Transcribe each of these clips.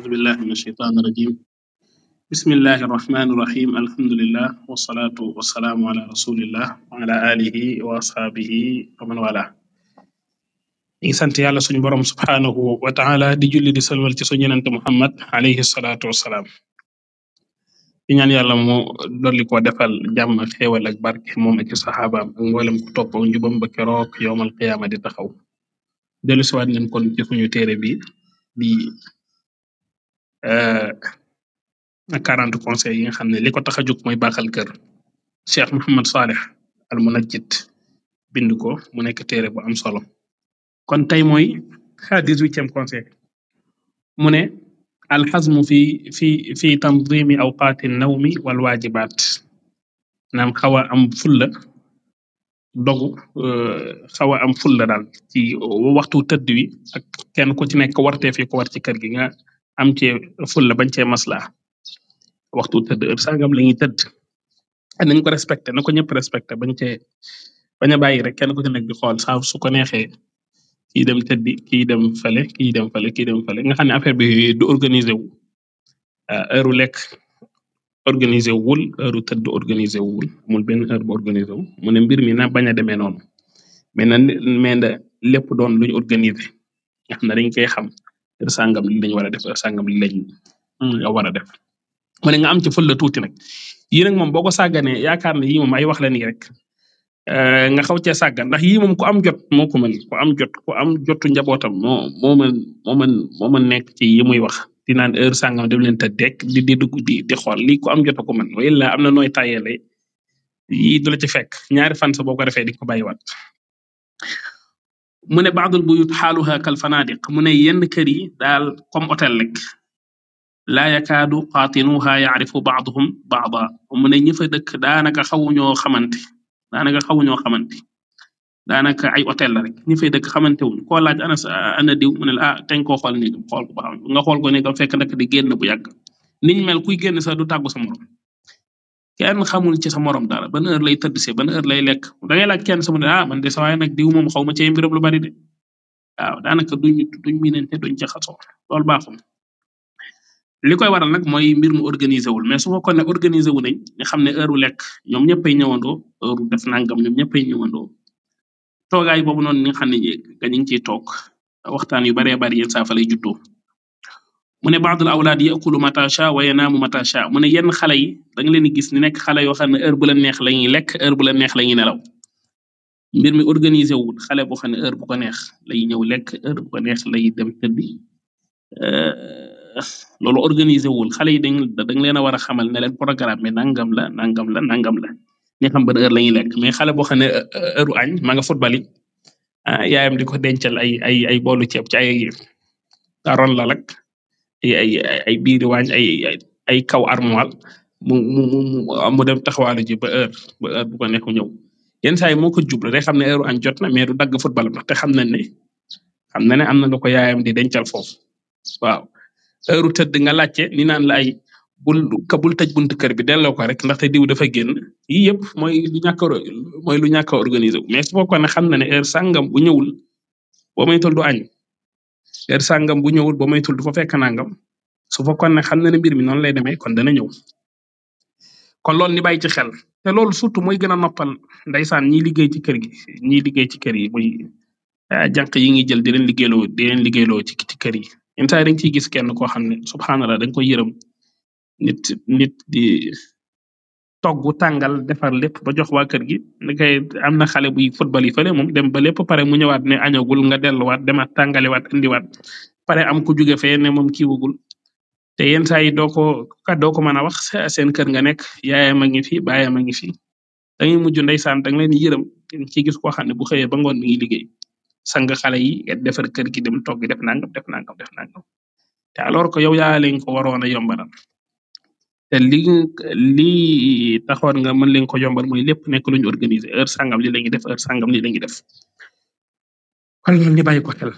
أعوذ بالله من الشيطان الرجيم بسم الله الرحمن الرحيم الحمد لله والصلاة والسلام على رسول الله وعلى آله وأصحابه ومن والاه ñu ngi sant yàlla suñu borom subhaanahu wa taala di julli di salwal ci suñu yonent Muhammad alayhi salaatu wassalaam di ñaan yàlla mu dolli ko defal jàmm ak xéewal ak barke moom ak ci saxaabaam ak mboolem ku topp ak njubam ba keroog yowmal taxaw dellusiwaat nañ kon ci suñu téere bi %e quarante :fra conseils :fra yi nga xam ne li ko tax a jóg mooy baaxal kër Cheikh Mouhamed Saleh Al ko mu nekk téere bu am solo kon tey mooy xaa dix :fra huitième :fra conseil :fra mu ne alxasmu fi fi fi tandimi awqaati nawmi wal waajibaat nam xaw a am fulla dogu %e xaw a am fulla daal waxtu tëdd wi ak kenn ku ci nekk warteef ko war ci kër gi nga am cee fulla bañ cee maslaa waxtu tëdd heure sangam la ñuy tëdd nañ ko respecté na ko ñëpp respecté bañ cee bañ a bàyyi rek kenn ku ci nekk di xool saa su ko neexee kii dem tëddi kii dem fale kii dem fale kii dem fale nga xam ne affaire bi du organiser wu euh, heure lekk organiser wul heure tëdd organiser wul amul benn heure wu mu ne mbir mi na bañ a demee noonu doon luñ organiser nga xam heure :fra sangam lii lañ war a def heure :fra sangam mm, war a def mu ne nga am ci la tuuti nag yii nag moom boo ko sàgganee yaakaar ne yii moom ay wax la nii rek %e nga xaw cee sàggan ndax yii moom ku am jot moo ko mën ku am jot ku am jotu njabootam moo moo mën moo mën nekk ci yi muy wax di naan heure :fra sangam dem leen tëddeeg di di dugg di di xool lii ku am jot a ko mën wala am na nooy tàyyeelee yii du la ci fekk ñaari fan sax boo ko defee di ko ko bàyyiwaat. mu ne baadul buyut xaaluha kal fanadiq mu ne yenn kër yi daal comme hôtel rek laa yakaadu qaatinuha yaarifu baaduhum baada mu ne ñi fa dëkk daanaka xawuñoo xamante daanaka xawuñoo xamante daanaka ay hôtel la rek ñi fay dëkk xamante wuñ koo laaj ana ana diw mu ne la ah teñ koo xool xool ko ba xam nga xool ko néegam fekk nag di génn bu yàgg niñ mel kuy génn sax du tàggu sa morom kenn xamul ci sa morom daal ban heure lay tëdd see ban heure lay lekk da ngay laaj kenn sama a ah man de sa waaye nag diw moom xaw ma cee mbiram lu bari de waaw daanaka duñ duñ miinante duñ jaxasoo loolu baaxul li koy waral nag mooy mbir mu organisé wul mais su fekkoon ne organisé wu nañ nga xam ne heure lekk ñoom ñëppay ñëwandoo heure def nangam ñoom ñëppay ñëwandoo toogaay boobu noonu ni nga xam ne ñu ngi ciy toog waxtaan yu baree bari yenn saafa fa lay juddoo. mu ne baadul awlaad yakulu matacha wa yanaamu matacha mu ne yenn xale yi da nga leen di gis ni nekk xale yoo xam ne heure bu la la ñuy lekk heure bu la neex la ñuy mbir mi organisé wul xale boo xam ne heure bu ko neex lay ñëw lekk heure bu ko neex lay dem tëddi loolu organisé wul xale yi dañ da leen a war a xamal ne leen programme bi nangam la nangam la nangam la ñu xam ban heure la ñuy lekk mais xale boo xam ne euh, heure añ maa nga football yi ah, yaayam di ko dencal ay ay ay boolu ceeb ci ay aron la ay ay biiri waañ ay ay kaw armoire mu mu mu ah, dem taxawaalu ji ba heure ba heure bu ko nekk ñëw yenn saa yi moo ko jublu day xam ne heure añ jot na mais du dagg football ndax te xam na ne xam na ne am na ko yaayam di dencal foofu waaw heure tëdd nga laajte ni naan ay bul ka bul tëj buntu kër bi delloo ko rek ndaxte diw dafa génn yii yëpp mooy lu ñàkk lu ñàkk a organisé mais su ko xam na ne heure sàngam bu ñëwul boo may tol du añ heure :fra bu ñëwul ba moytuwul du fa fekk nangam su fekkoon ne xam na ne mbir mi noonu lay demee kon dana ñëw kon loolu ñu bàyyi ci xel te loolu surtout mooy gën a noppal ndeysaan ñiy liggéey ci kër gi ñiy liggéey ci kër yi muy ah, jànq yi ngi jël di leen liggéeyloo di leen liggéeyloo ci ci kër yi yenn saa gis kenn koo xam ne subhanallah dañ ko yërëm nit nit di bu tàngal defar lépp ba jox waa kër gi ni kay am na xale buy football yi fële moom dem ba lépp pare mu ñëwaat ne añagul nga delluwaat demaat tàngaliwaat indiwaat pare am ku jóge fee ne moom kiiwagul te yenn saa yi doo ko ka doo ko mën a wax seen kër nga nekk yaayam a ngi fi baayam a ngi fi dangay mujj ndeysaan danga leen yërëm ci gis koo xam ne bu xëyee ba ngoon mi ngi liggéey sang xale yi defar kër gi dem togg def nangam def nangam def nangam te alors que yow yaa leen ko waroon a yombalal te li lii taxoon nga mën leen ko yombal mooy lépp nekk lu ñu organiser heure sangam li la def heure sangam li la ñuy def kon loolu ñu bàyyi ko xel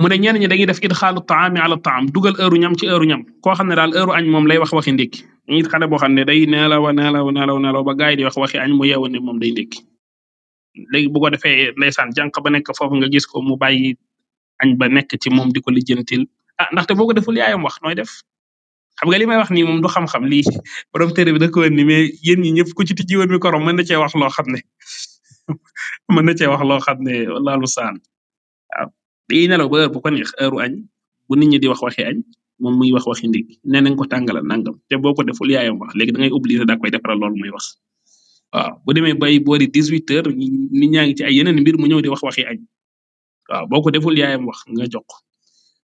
mu ne ñenn ñi dañuy def it xaalu taami ala taam dugal heure ñam ci heure ñam koo xam ne daal heure añ moom lay wax waxi ndékki nit xale boo xam ne day neelaw neelaw neelaw neelaw ba gaay di wax waxi añ mu yeewu ne moom day ndékki léegi bu ko defee ndeysaan jànq ba nekk foofu nga gis ko mu bàyyi añ ba nekk ci moom di ko lijjantil ah ndaxte boo ko deful wax nooy def xam nga li may wax nii moom du xam-xam lii borom téere bi da ko ni mais yéen ñi ñëpp ku ci tijji woon micro mën na cee wax loo xam ne mën na cee wax loo xam ne laalu saan waaw day nelaw ba heure bu ko neex heure añ bu nit ñi di wax waxi añ moom muy wax waxi ndig nee nañ ko tàngalal nangam te boo ko deful yaayam wax léegi da ngay obligé daa koy defaral loolu muy wax waaw bu demee bay boori 18 heures nit ñaa ngi ci ay yeneen mbir mu ñëw di wax waxi añ waaw boo ko deful yaayam wax nga jox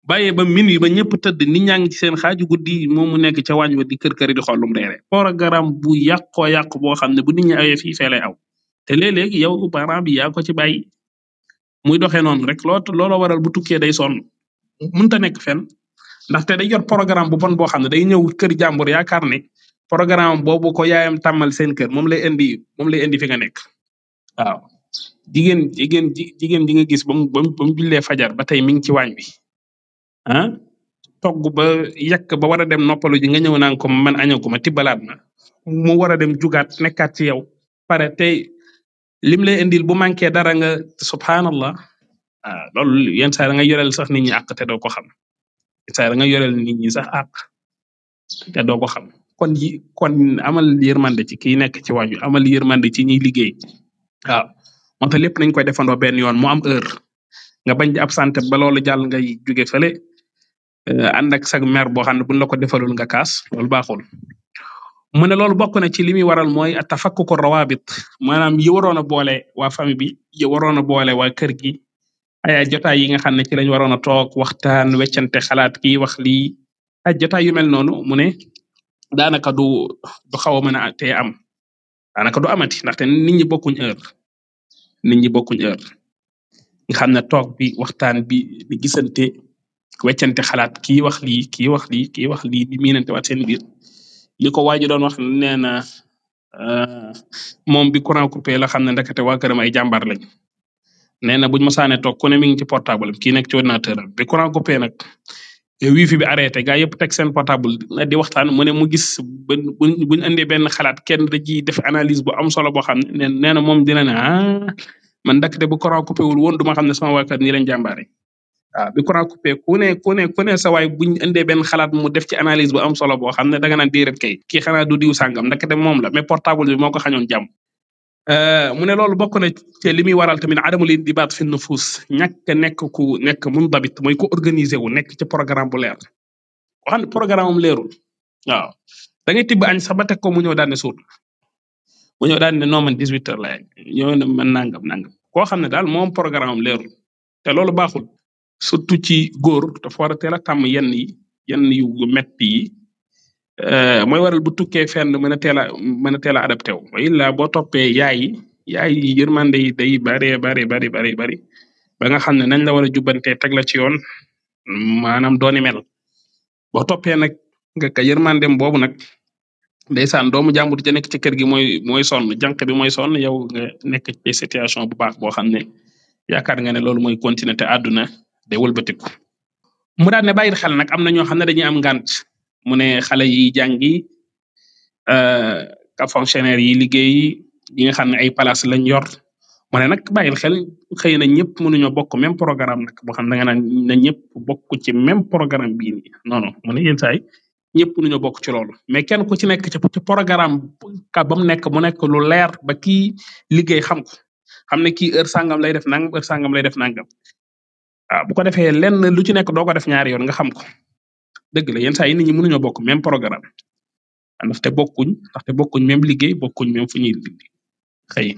bàyyee ba min yi ba ñëpp tëdd nit ñaa ngi ci seen xaaju guddi moom mu nekk ca waañ wa di kër kër di xool lu mu reere programme bu yàqoo yàq boo xam ne bu niñ ñi awee fii fee lay aw te léeg-léeg yow parent bi yaa ko ci bàyyi muy doxee noonu rek loo looloo waral bu tukkee day sonn ta nekk fenn ndaxte day jot programme bu bon boo xam ne day ñëw kër jàmbur yaakaar ne programme boobu ko yaayam tàmmal seen kër moom lay indi moom lay indi fi nga nekk waaw jigéen jigéen jigéen ji nga gis ba mu ba mu jullee fajar ba tey mi ngi ci waañ bi ah togg ba yekk ba war a dem noppalu ji nga ñëw naan ko man añaguma tibbalaat ma mu war a dem jugaat nekkaat ci yow pare tey lim lay indil bu manqué dara nga subhanallah ah loolu yenn saa da nga yoreel sax nit ñi àq te doo ko xam da nga yoreel nit ñi sax àq doo ko xam kon yi kon amal yërmande ci ki nekk ci wàññi amal yërmande ci ñiy liggéey waaw moo tax lépp nañ koy defandoo benn yoon mu am heure nga bañ di absenté ba loolu jàll nga jóge fële Euh, ànd ak sag mer boo xam ne buñ la ko defalul nga kaas loolu baaxul mu ne loolu bokk na ci li muy waral mooy tafakku ko rawaabit maanaam yi waroon a boole waa famille bi yi waroon a boole waa kër gi ay jotaay yi nga xam ne ci lañ waroon a toog waxtaan weccante xalaat kii wax lii ay jotaay yu mel noonu mu ne daanaka du du xaw a mën a tee am daanaka du amati ndaxte nit ñi bokkuñ heure nit ñi bokkuñ heure nga xam ne bi waxtaan bi di weccante xalaat kii wax lii kii wax lii kii wax lii di miinante waat seen biir li ko waaji doon wax nee na ah, moom bi courant coupé la xam ne ndekete waa këram ay jàmbaar lañ nee na buñ masaane toog ku ne mi ngi ci portable am kii nekk ci am bi courant coupé nag wifi bi arrêté gaa yëpp teg seen portable di waxtaan mu ne mu gis buñ buñ andee benn xalaat kenn da ciy def analyse bu am solo boo xam ne nee na moom dina ne ah man ndekete bu courant coupé wul woon xam ne sama waa kër nii lañ jàmbaare waaw ah, coupé ku ne ku ne ku ne sa waay indee benn xalaat mu def ci analyse bu am solo boo xam ne danga naan déedéet kay kii xanaa du diw sàngam ndekete moom la mais portable bi moo ko xañoon jàmm. Eh, mu ne loolu bokk na ci li muy waral tamit adamu li di baat fi nufus ñàkk nekk ku nekk mundabit mooy ku organisé wu nekk ci programme bu leer koo xam ne programme am leerul waaw da ngay tibb añ sax ba teg ko mu ñëw daal ne suur mu ñëw daal ne non man 18 heures la ñëw ne man nangam nangam koo xam ne daal moom programme am leerul te loolu baaxul. surtout ci góor dafa war a teel a tàmm yenn yi yenn yu metti yi euh, mooy waral bu tukkee fenn mën a teel a mën a teel a adapté wu waaye la boo toppee yaay yi yaay yi yërmande yi day bare bare bari bari bari ba nga xam ne nañ la war a jubbantee teg la ci yoon maanaam dooni mel boo toppee nag nga ka yërmandem boobu nag ndeysaan doomu jàmbur ja nekk ci kër gi mooy mooy sonn jànq bi mooy sonn yow nga nekk ci situation bu baax boo xam ne yaakaar nga ne loolu mooy continuer te àdduna day wëlbatiku mu daal ne bàyyil xel nag am na ñoo xam ne dañuy am ngant mu ne xale yi jàngi euh, ka fonctionnaire yi liggéey yi nga xam ne ay place lañ yor mu ne nag bàyyil xel xëy na ñëpp mënuñoo bokk même programme nag boo xam ne da nga naan na ñëpp bokk ci même programme bii nii non non mu ne saay ñëpp mënuñoo bokk ci loolu mais kenn ku ci nekk ci programme ka ba mu nekk mu nekk lu leer ba kii liggéey xam xam ne kii heure sangam lay def nangam heure sangam lay def nangam waaw ah, bu ko defee lenn lu ci nekk doo ko def ñaar yoon nga xam ko dëgg la yenn saa yi nit ñi mënuñoo bokk même programme ah, ndaxte bokkuñ ndaxte bokkuñ même liggéey bokkuñ même fu ñuy xëy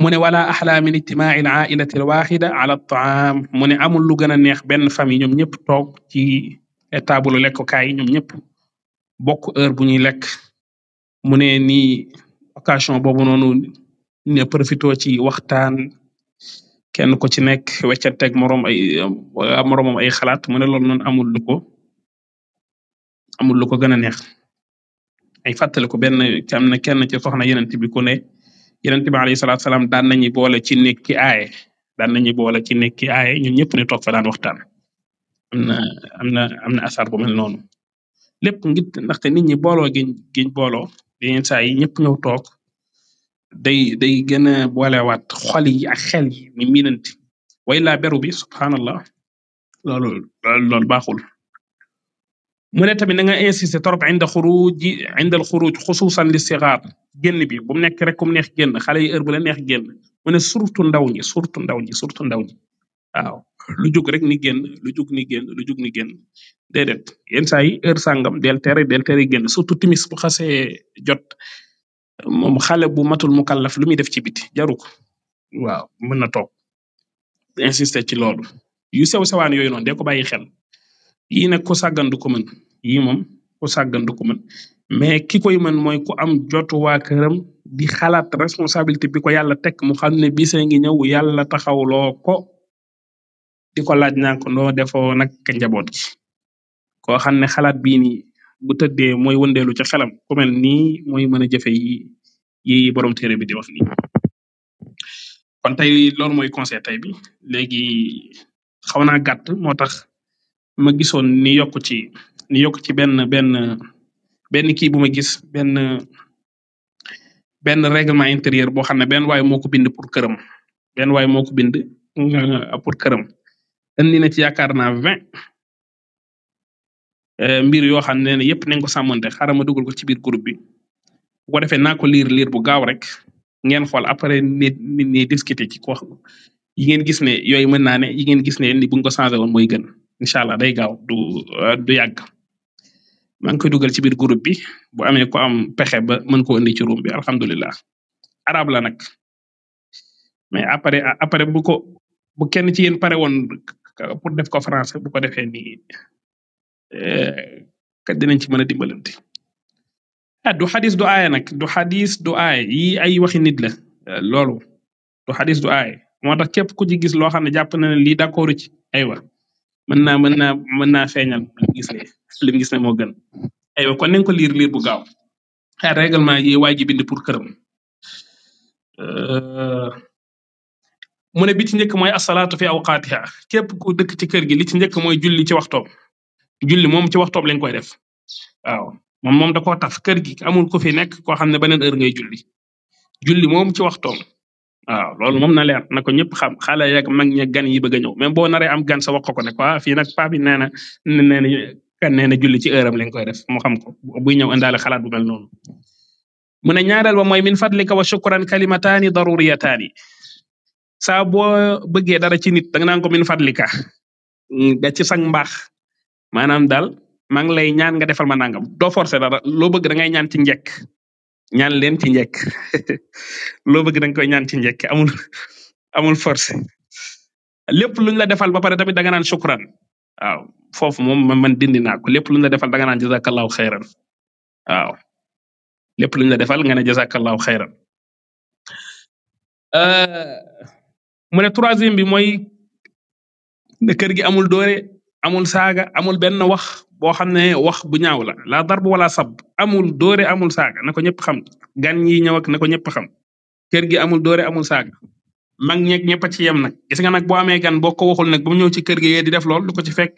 mu ne wala axlaa min ijtimaa'i al-aa'ilati al-waaxida ala at-ta'aam mu ne amul lu gën a neex benn famille ñoom ñëpp toog ci table lekkukaay yi ñoom ñëpp bokk heure bu ñuy lekk mu ne nii occasion boobu noonu ne ci waxtaan kenn ku ci nekk weccanteeg moroom ay moroomam ay xalaat mu ne loolu noonu amul lu ko amul lu ko gën a neex ay fàttali ko benn am na kenn ci soxna yenent bi ku ne yenent bi alayhi salaatu salaam daan nañu boole ci ki aaye daan nañu boole ci nekki aaye ñun ñëpp ne toog fa daan waxtaan am na am na am na asar bu mel noonu lépp ngir ndaxte nit ñi booloo giñ giñ booloo yenn saa yi day day gën a boolewaat xol yi ak xel yi ni miinanti way laa beru bi subhanallah loolu loolu baaxul mu ne tamit na nga insister trop inda xuruj inda al xuruj xususan li sigaar génn bi bu nekk rek ku mu neex génn xale yi heure bu la neex génn mu ne surtout ndaw ñi surtout ndaw ñi surtout ndaw ñi waaw lu jug rek ni génn lu jug ni génn lu jug ni génn déedéet yenn saa yi heure sàngam del tere del tere génn surtout timis bu xasee jot moom xale bu matul mu kàllaf lu muy def ci biti jaru ko waaw mën na toog insister ci loolu yu sew sewaan yooyu noonu de ko bàyyi xel yii nag ku sàggan du ko mën moom ku sàggan du mais ki koy mën mooy ku am jotu waa këram di xalaat responsabilité bi ko yàlla teg mu xam ne bisa ngi ñëw yàlla taxawloo ko di ko laaj naa ko noo defoo nag njaboot gi koo xam bu tëddee mooy wëndeelu ca xelam ku mel nii mooy mën a jëfe yi yi borom téere bi di wax nii kon tey loolu mooy conseil tey bi léegi xaw naa gàtt moo tax ma gisoon ni yokk ci ni yokk ci benn benn benn kii bu ma gis benn benn règlement intérieur boo xam ne benn waay moo ko bind pour këram benn waay moo ko bind pour këram indi ci yaakaar naa vingt Euh, mbir yoo xam ne yëpp nañ ko de xaaral ma dugal ko ci biir groupe bi bu ko defee naa ko liir liir bu gaaw rek ngeen xool après nit nit ñi discuter ci ko yi ngeen gis ne yooyu mën naa ne yi ngeen gis ne ni bu ñu ko changé woon moy gën incha allah day gaaw du euh, du yàgg maa ngi koy dugal ci biir groupe bi bu amee ko am pexe ba mën ko indi ci room bi alhamdulilah arab la nag mais après après bu ko bu kenn ci yéen pare woon pour def ko français bu ko defee nii Eh, kat dinañ ci mën a dimbalante ah du xadis du aaya nag du xadis du aaya yi ay waxi nit la eh, loolu du xadis du aaya moo tax képp ku ci gis loo xam ne jàpp na ne lii d'accord ci aywa mën naa mën naa mën naa feeñal li mu gis li mu gis ne moo gën aywa kon nañ ko liir liir bu gaaw xaar ah, règlement yi waa ji bind pour këram eh, mu ne bi ci njëkk mooy asalaatu fi awqaatiha képp ku dëkk ci kër gi li ci njëkk mooy juli ci waxtoom julli moom ci waxtoom lañ koy def waaw moom moom da koo taf kër gi amul ku fi nekk koo xam ne beneen heure ngay julli julli moom ci waxtoom waaw loolu moom na leer na ko ñëpp xam xale yeeg mag ña gan yi bëgg a ñëw même boo naree am gan sa wax ko ne quoi ah, fii nag paa bi nee na nee na kan nee na julli ci heure am lañ koy def mu xam ko buy ñëw indaale xalaat bu mel noonu. mu ne ñaareel ba mooy min fadlika wa shukran kalimataani daruriyataani saa boo bëggee dara ci nit danga naan ko min fadlika nga ci sang maanaam daal maa ngi lay ñaan nga defal ma nangam doo forcer dara loo bëgg da ngay ñaan ci njekk ñaan leen ci njekk loo bëgg da nga koy ñaan ci njekk amul amul force lépp luñ la defal ba pare tamit daga nga naan shukran waaw foofu moom man dindi naako ko lépp luñ la defal daga nga naan jazakallahu xeyran waaw lépp luñ la defal nga ne jazakallahu xeyran euh, mu ne troisième bi mooy ne amul doore amul saaga amul benn wax boo xam ne wax bu ñaaw la la darb wala sab amul doore amul saaga na ko ñëpp xam gan yi ñëw ak ko ñëpp xam kër gi amul doore amul saaga mag ñeeg ñëpp a ci yem nag gis nga nag boo amee gan boo ko waxul nag ba mu ñëw ci kër gi yee def lool lu ko ci fekk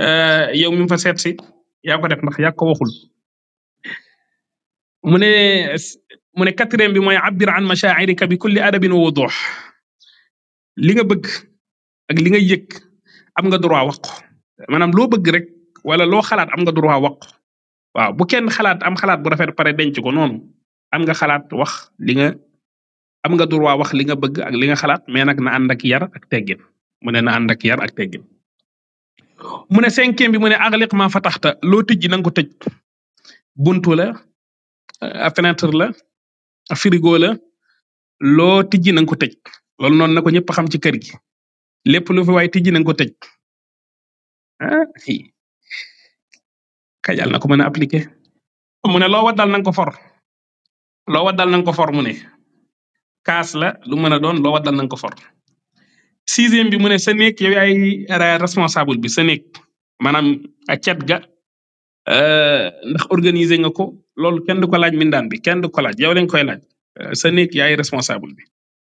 eh, yow mi mu fa seet si yaa def ndax yaa ko waxul mu ne mu ne quatrième bi mooy abbir an mashaa'irika bi kulli adabin wa wuduh li nga bëgg ak li nga yëg am nga droit wax ko maanaam loo bëgg rek wala loo xalaat am nga droit wax ko waaw bu kenn xalaat am xalaat bu rafet pare denc ko noonu am nga xalaat wax li nga am nga droit wax li nga bëgg ak li nga xalaat mais nag na ànd ak yar ak teggin mu na ànd ak yar ak teggin mu ne cinquième bi mu ne aghliq ma fataxta loo tijji na nga ko tëj buntu la euh, fenêtre la frigo la loo tijji na nga ko tëj loolu noonu na ko ñëpp xam ci kër gi lépp lu fi waay tijji na nga ko tëj ah kay yàlla na ko mën a appliquer. mu ne loo waddal na nga ko for loo waddal na nga ko for mu ne kaas la lu mën a doon waddal na ko for. sixième bi mu ne sa néeg yow yaay responsable bi sa néeg maanaam a cet ga euh, ndax organiser nga ko loolu kenn du ko laaj mindaan bi kenn du ko laaj yow lañ koy laaj euh, sa néeg yaay responsable bi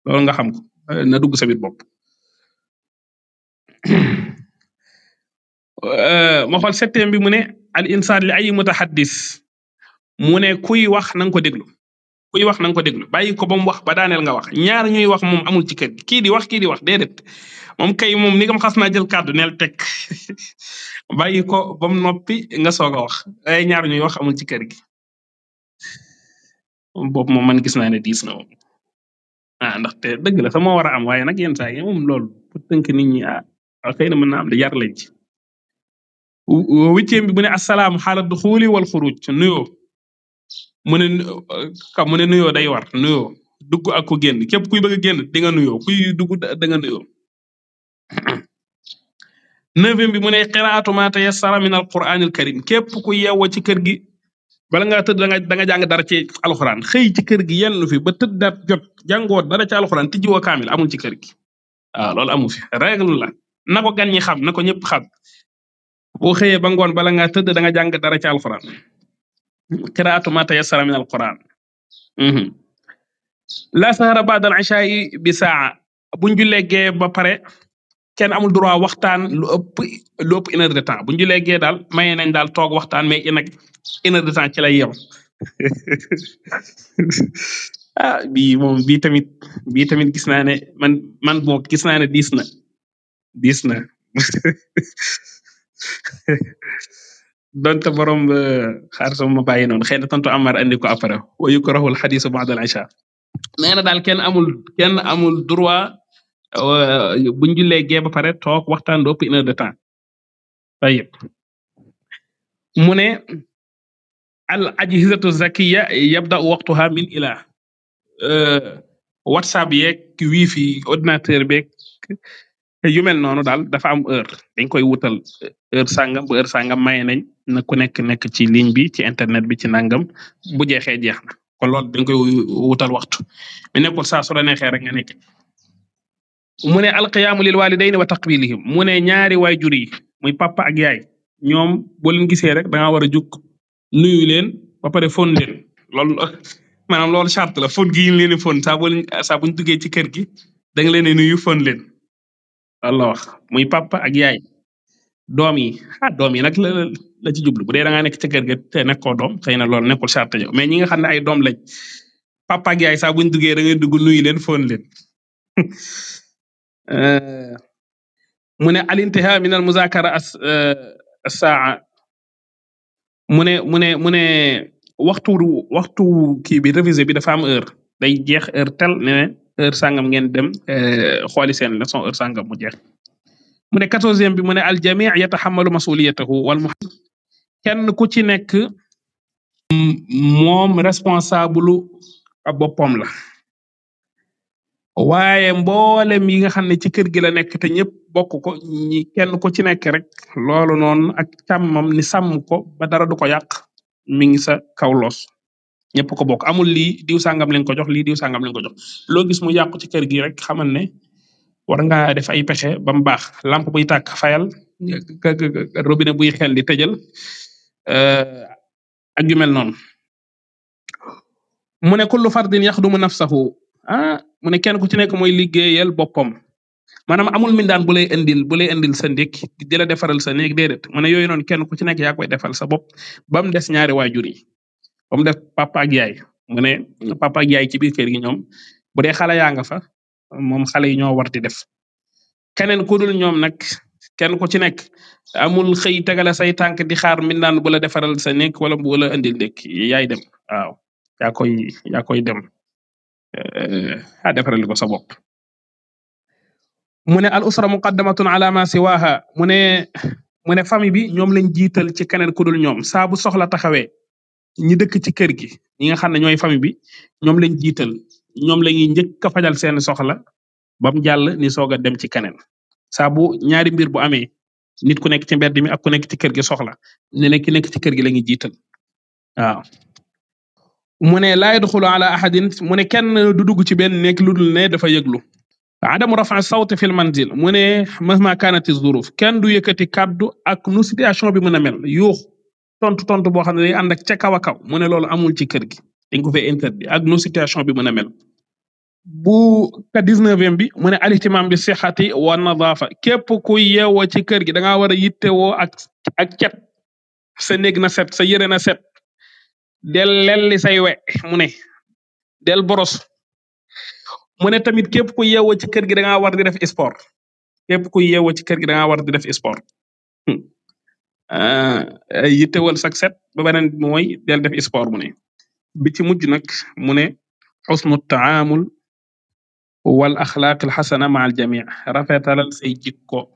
loolu nga xam ko euh, na dugg sa biir bopp. %e ma xool septième bi mu ne al insaan li ay mutahaddis mu ne kuy wax na nga ko déglu kuy wax na nga ko déglu bàyyi ko ba mu wax ba daaneel nga wax ñaar ñuy wax moom amul ci kër kii di wax kii di wax déedéet moom kay moom ni nga xas naa jël kàddu neel teg bàyyi ko ba noppi nga soog a wax ay ñaar ñuy wax amul ci kër gi boobu moom man gis naa ne diis na moom ah, ndaxte dëgg la sa moo war a am waaye nag yenn saa yi moom loolu pour tënk xëy na mën naa am de yar lañ ci huitième bi mu ne asalaam xaala duxuuli wal xuruj nuyoo mu ne ka mu ne nuyoo day war nuyoo dugg ak ku génn képp kuy bëgg a génn di nga nuyoo kuy dugg da nga nuyoo neuvième bi mu ne qiraatu ma tayassara min alquranil karim képp ku yeewoo ci kër gi bala ngaa tëdd da nga da nga jàng dara ci alxuraan xëy ci kër gi yenn fi ba tëdd da jot jàngoo dara ci alxuraan tijjiwoo kaamil amul ci kër gi waaw loolu amu fi règle la na ko gan ñi xam na ko ñëpp xam boo xëyee ba ngoon bala ngaa tëdd da nga jàng dara ci alquran qiraatu ma tayassara min alquran mhm. la sahara ba'da al-isha'i bi saa buñ jullee gee ba pare kenn amul droit waxtaan lu ëpp lu ëpp une heure de temps buñ jullee gee daal maye nañ daal toog waxtaan mais nag une heure de temps ci lay yem ah bii tamit bii tamit gis naa ne man man boo gis naa ne diis na diis na donte borom eh, xaar sama ma bàyyi noonu xëy na tontu Amar andi ko après wa yukrahu al xadisu ba'da al isha nee na daal kenn amul kenn amul droit eh, buñ jullee gee ba pare toog waxtaan dopp une heure de temps tayib mu ne al ajhizatu zakiya yabda waqtuha min ila eh, whatsapp yeeg wifi ordinateur beeg yu mel noonu daal dafa am heure dañ koy wutal heure sangam bu heure sangam maye nañ na ku nekk nekk ci ligne bi ci internet bi ci nangam bu jeexee jeex na kon loolu dañ koy wutal waxtu mi nekkul saa su la neexee rek nga nekk mu ne alqiyaamu lil walidayni wa taqbilihim mu ne ñaari waajur yi muy papa ak yaay ñoom boo leen gisee rek da nga war a jug nuyu leen ba pare fon leen loolu maanaam loolu charte la fon gi ñu leen di fon saa boo leen ci kër gi da nga leen di nuyu fon leen. loolu la wax muy papa ak yaay doom yi ah doom yi nag la la ci jublu bu dee da ngaa nekk ca kër ga te nekkoo doom xëy na loolu nekkul charte mais ñi nga ne ay doom lañ papa ak sax buñ duggee da ngay dugg nuyu leen foon leen euh, mu ne al intiha min al muzakara as mune euh, mu mu ne mu ne waxtu waxtu kii bi révisé heure day jeex heure tel ne heure sangam ngeen dem eh, xooli seen leçon heure sangam mu jeex mu ne quatorzième bi mu ne al jami' yatahammalu mas'uliyatahu wal mu kenn ku ci nekk moom responsable ab boppam la waaye mboolem yi nga xam ne ci kër gi la nekk te ñëpp bokk ko ñi kenn ku ci nekk rek loolu noonu ak càmmam ni sàmm ko ba dara du ko yàq mi ngi sa kaw loos ñëpp ko bokk amul li diw sangam leen ko jox lii diw sangam leen ko jox loo gis mu yàqu ci kër gi rek xamal ne war ngaa def ay pexe ba mu baax lampe buy tàkk fayal robine buy xel di tëjal eh, ak yu mel noonu. mu ne kullu fardin yaxdumu nafsahu ah mu ne kenn ku ci nekk mooy liggéeyal boppam maanaam amul mindaan bu lay indil bu lay indil sa ndékk di la defaral sa néeg de mu ne yooyu noonu kenn ku ci nekk yaa koy defal sa bopp ba mu des ñaari waajur yi. ba mu def papa ak yaay mu ne mm. papa ak yaay ci biir gi ñoom bu dee xale yaa nga fa moom xale yi ñoo war di def keneen ku dul ñoom nag kenn ku ci nekk amul xëy tegale say tànk di xaar min naan bu la sa nekk wala bu la indil nekk yaay dem waaw yaa koy dem eh, a defaral ko sa bopp mu ne al usra muqaddamatun ala ma siwaha famille bi ñoom lañ jiital ci keneen ku dul ñoom saa bu soxla ñi dëkk ci kër gi ñi nga xam ne ñooy famille bi ñoom lañ jiital ñoom la ñuy njëkk a fajal seen soxla ba mu ni soog a dem ci keneen saa bu ñaari mbir bu amee nit ku nekk ci mbedd mi ak ku nekk ci kër gi soxla ne ne ki nekk ci kër gi la ñuy jiital waaw. mu ne laa yadxulu ala ahadin mu ne kenn du dugg ci benn nekk lu dul ne dafa yëglu adamu rafa sawti fil manzil mu ne mahma kanati zuruf kenn du yëkkati kaddu ak nu situation bi mën a mel yuux tontu tontu boo xam ne day ànd ak ca kaw a kaw mu ne loolu amul ci kër gi dañ ko fee interdit ak nu situation bi mën a mel. bu ka 19e bi mu ne alihtimam bi sixati wa nadaafa képp ku yeewoo ci kër gi da ngaa war a yittewoo ak ak cet sa néeg na set sa yére na set del lelli say we mu ne del boros mu ne tamit képp ku yeewoo ci kër gi da ngaa war di def sport képp ku yeewoo ci kër gi da ngaa war di def sport Euh, a sax set ba beneen bi mooy del def sport mu ne bi ci mujj nag mu ne xusnu taamul wal axlaaq al xasana ma al jamii rafetalal say jikko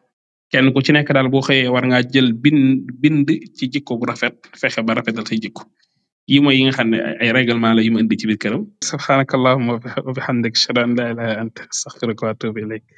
kenn ku ci nekk daal boo xëyee war ngaa jël bind bind ci jikko bu rafet fexe ba rafetal say jikko yi mooy yi nga xam ne ay règlement la yu ma indi ci biir këram subhanakallahumma wa bihamdik ashhadu an la ilaha anta astaghfiruka wa atubu